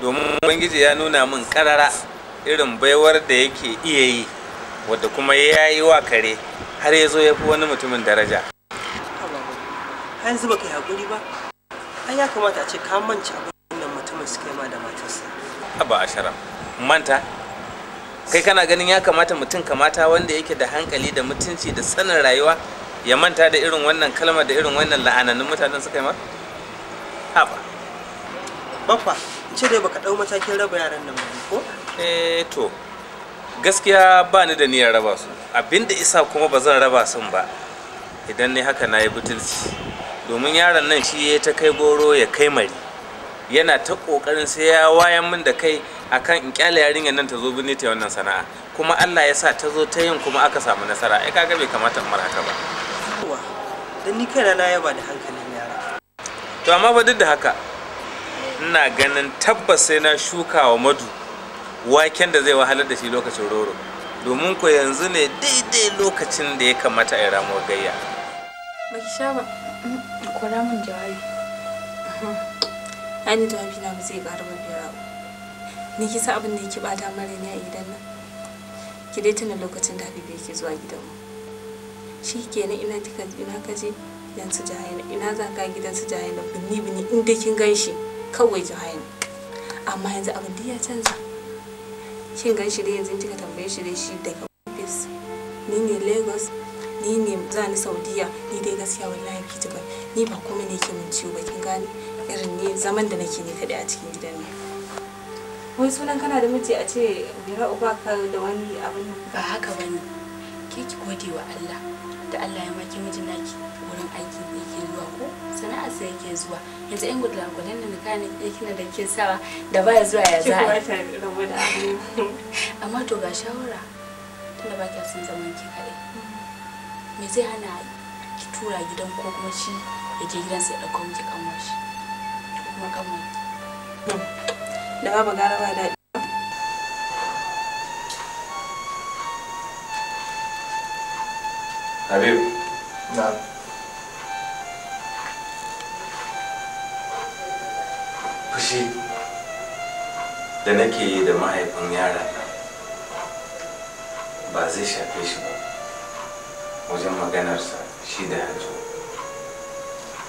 domin ubangiji ya nuna min karara irin baiwar da yake iya yi wadda kuma ya yi wa kare har ya zo ya fi wani mutumin daraja yanzu baka haƙuri ba ai ya kamata a ce ka abin wannan mutumin suka yi ma da matarsa ba ashara manta kai kana ganin ya kamata mutum kamata wanda yake da hankali da mutunci da sanin rayuwa ya manta da irin wannan kalmar da irin wannan la'anannun mutanen suka yi ma haba baffa ce dai baka dau matakin raba yaran nan ko eh to gaskiya ba ni da niyyar raba su abinda isa kuma ba zan raba sun ba idan ne haka na yi butulci domin yaron nan shi ya ta kai goro ya kai mari yana ta kokarin sai ya wayan min da kai akan in kyale yarinyar nan ta zo birni ta wannan sana'a kuma Allah ya sa ta zo ta yin kuma aka samu nasara ai kaga bai kamata in mar haka ba dan ni kaina na yaba da hankali to amma ba duk da haka ina ganin tabbas sai na shuka wa madu waken da zai wahalar da shi lokacin roro domin ko yanzu ne daidai lokacin da ya kamata a yi ramuwar gayya ba ki sha ba kora min jawabi ani jawabi na ba zai ƙara ba biyar ni kisa abin da yake bada mara ne a gidan nan ki dai tuna lokacin da habibu yake zuwa gidanmu shi kenan ina kika ina kaje gidan su jahila ina zan ka gidan su da bini bini in dai kin gan kawai ki amma yanzu abu da ya canza kin gan shi dai yanzu kika tambaye shi dai shi daga office ni ne lagos ni ne za ni saudiya ni dai gaskiya wallahi ki bai ni ba komai ne ke min ciwo ba kin gane irin ne zaman da nake ne kadai a cikin gidan ne wai sunan kana da miji a ce bira uba ka da wani abin ba haka bane ke ki gode wa Allah da Allah ya maki mijin naki wurin aiki da yake zuwa ko sana'a sai yake zuwa yanzu yan gudu lagunan da mekanik ɗaya da ke sawa da ba ya zuwa ya za a amma to ga shawara tunda ba kya son zaman ke kaɗai me zai hana ki tura gidan ko kuma shi ya je gidan sai ɗauko miki kanwar shi ko kuma kanwar da babu gara ba daɗi Habib. Na'am. fushi da nake yi da mahaifin yaran nan ba zai shafe shi ba wajen maganarsa shi da hajjo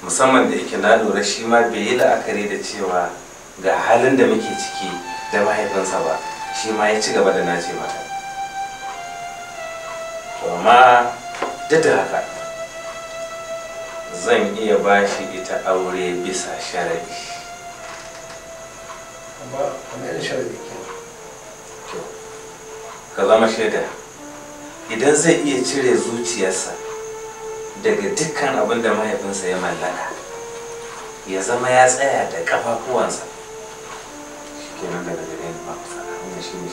musamman da yake na lura shi ma bai yi la'akari da cewa ga halin da muke ciki da mahaifinsa ba shi ma ya ci gaba da nace mata to amma duk da haka zan iya bashi ita aure bisa sharadi amma shaida idan zai iya cire zuciyarsa daga dukkan abin da mahaifinsa ya mallaka ya zama ya tsaya da kafafuwansa kenan daga gare ni ba shi ne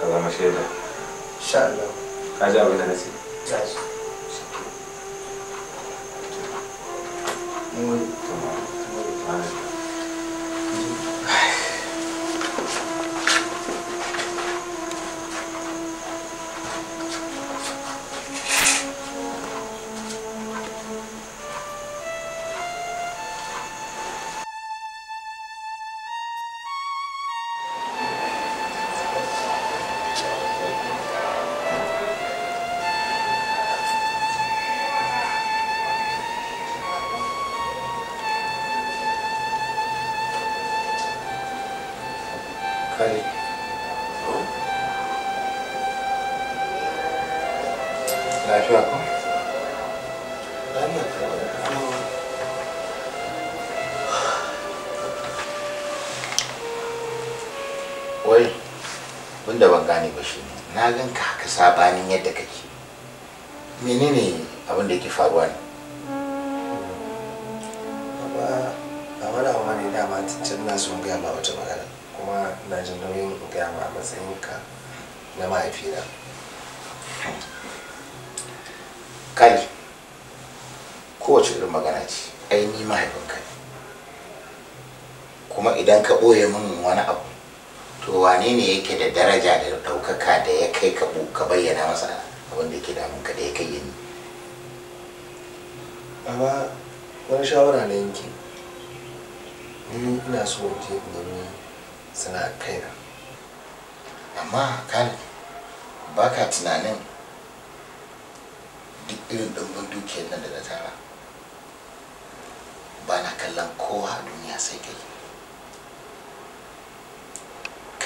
Ka zama shaida. Sha Allah. Ka ji abin da na ce? 思いと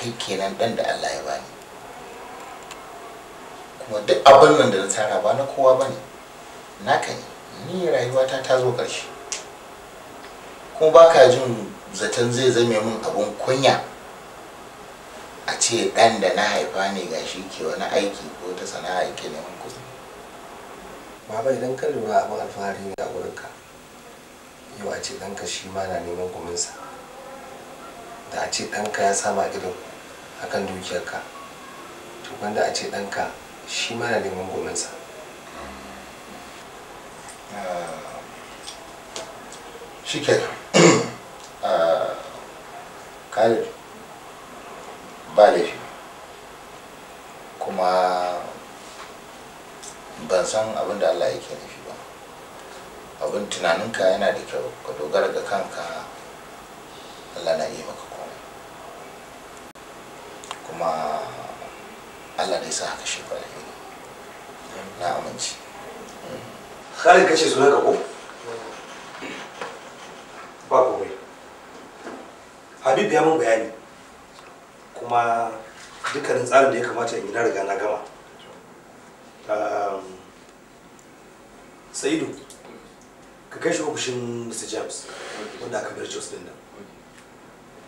kai kenan dan da Allah ya bani kuma duk abin nan da na tsara ba na kowa bane na ne ni rayuwata ta zo karshe kuma baka jin zaton zai zame min abun kunya a ce dan da na haifa ne ga shi ke wani aiki ko ta sana'a ke neman kusa. Baba idan ka lura abin alfahari ne a wurinka yau a ce ɗanka shi ma na neman kuminsa da a ce ɗanka ya sama irin akan dukiyarka to wanda a ce ɗanka shi ma na neman gominsa ah, shi kenan ah, kare ba laifi kuma ban san abin da allah yake nufi ba abin tunaninka yana da kyau ka dogara ga kanka allah na iya maka kuma allah da ya sa haka shekwa da hini na aminci khalid kace sunan ka ko ba komai habib ya mun bayani kuma dukkanin tsarin da ya kamata in yi na riga na gama sa'idu ka kai shi ofishin mr james wanda aka bar jos din nan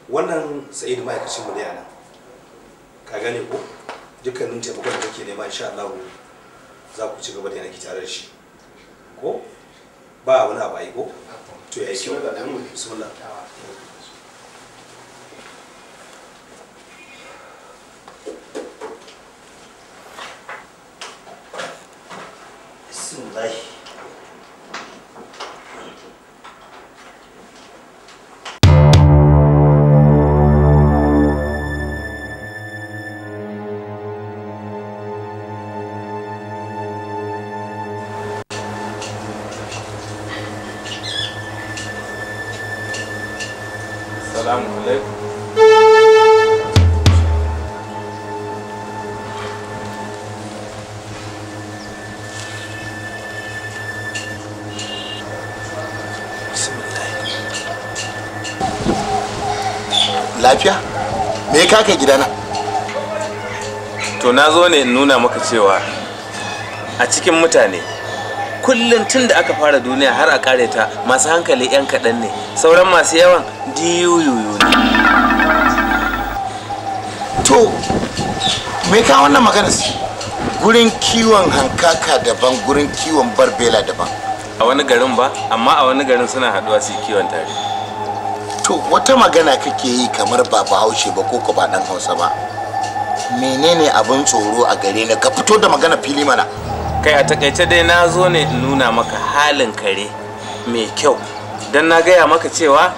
wannan sa'idu ma'aikacin mu ne a nan ka gane ko dukkanin taimakon da kake nema insha Allah za ku ci gaba da yanki tare da shi ko ba wani abu ai ko to ya yi kyau bismillah me kaka gidana to na zo ne nuna maka cewa a cikin mutane kullum tun da aka fara duniya har a kare ta masu hankali 'yan kaɗan ne sauran masu yawan diyuyuyu ne to me ka wannan magana su gurin kiwon hankaka daban gurin kiwon barbela daban a wani garin ba amma a wani garin suna haɗuwa su kiwon tare to wata magana kake yi kamar ba bahaushe ba ko ba dan hausa ba menene abin tsoro a gare ni ka fito da magana fili mana kai a takaice dai na zo ne in nuna maka halin kare mai kyau dan na gaya maka cewa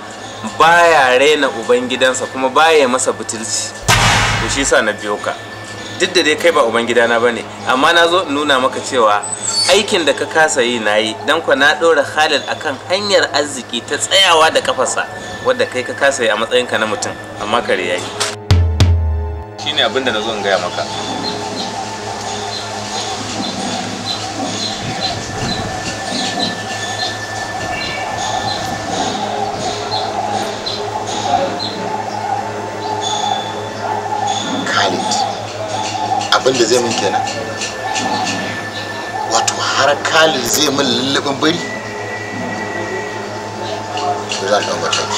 baya raina ubangidansa kuma baya masa butulci to shi sa na biyo ka duk da dai kai ba uban gidana ba ne amma na zo nuna maka cewa aikin da ka kasa yi na yi don kwa na ɗora a kan hanyar arziki ta tsayawa da kafarsa wadda kai ka kasa yi a matsayinka na mutum amma kare ya yayi shine abin da na zo in gaya maka abin da zai min kenan wato har kalin zai min lullubin bari za zan ɗau mataki